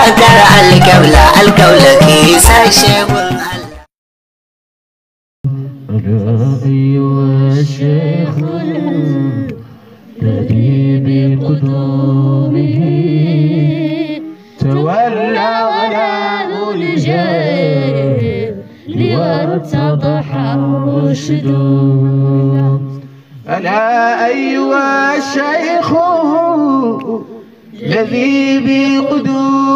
ترى الكولة الكولة كيس الشيب أيها الشيخ تدري بقدومه تولى غلام ألا أيها الشيخ الذي بقدومه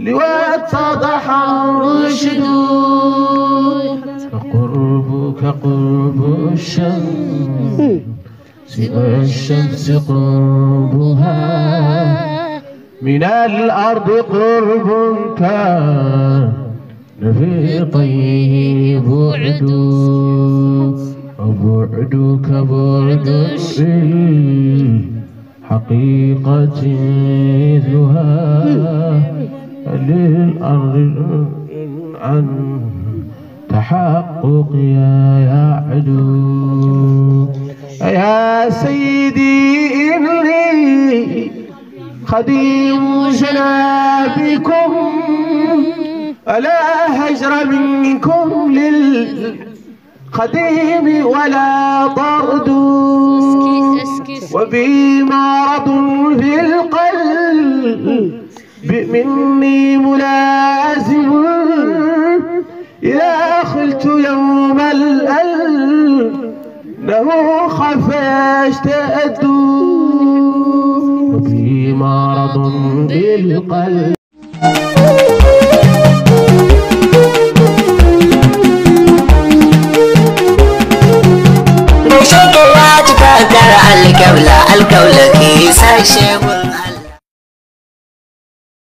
لواء اتضح الرشد فقربك قرب الشمس سوى الشمس قربها من الأرض قرب كان في طيه بعد وبعدك بعد الشيء حقيقة مثلها للأرض عن تحقق يا يعدو يا سيدي إني خديم جنابكم ولا هجر منكم للخديم ولا طرد وبي مرض في القلب مني ملازم يا خلت يوم الأل له خفشت أدو في مرض بالقلب نشد الله تفكر الكولة الكولة كيسة شيء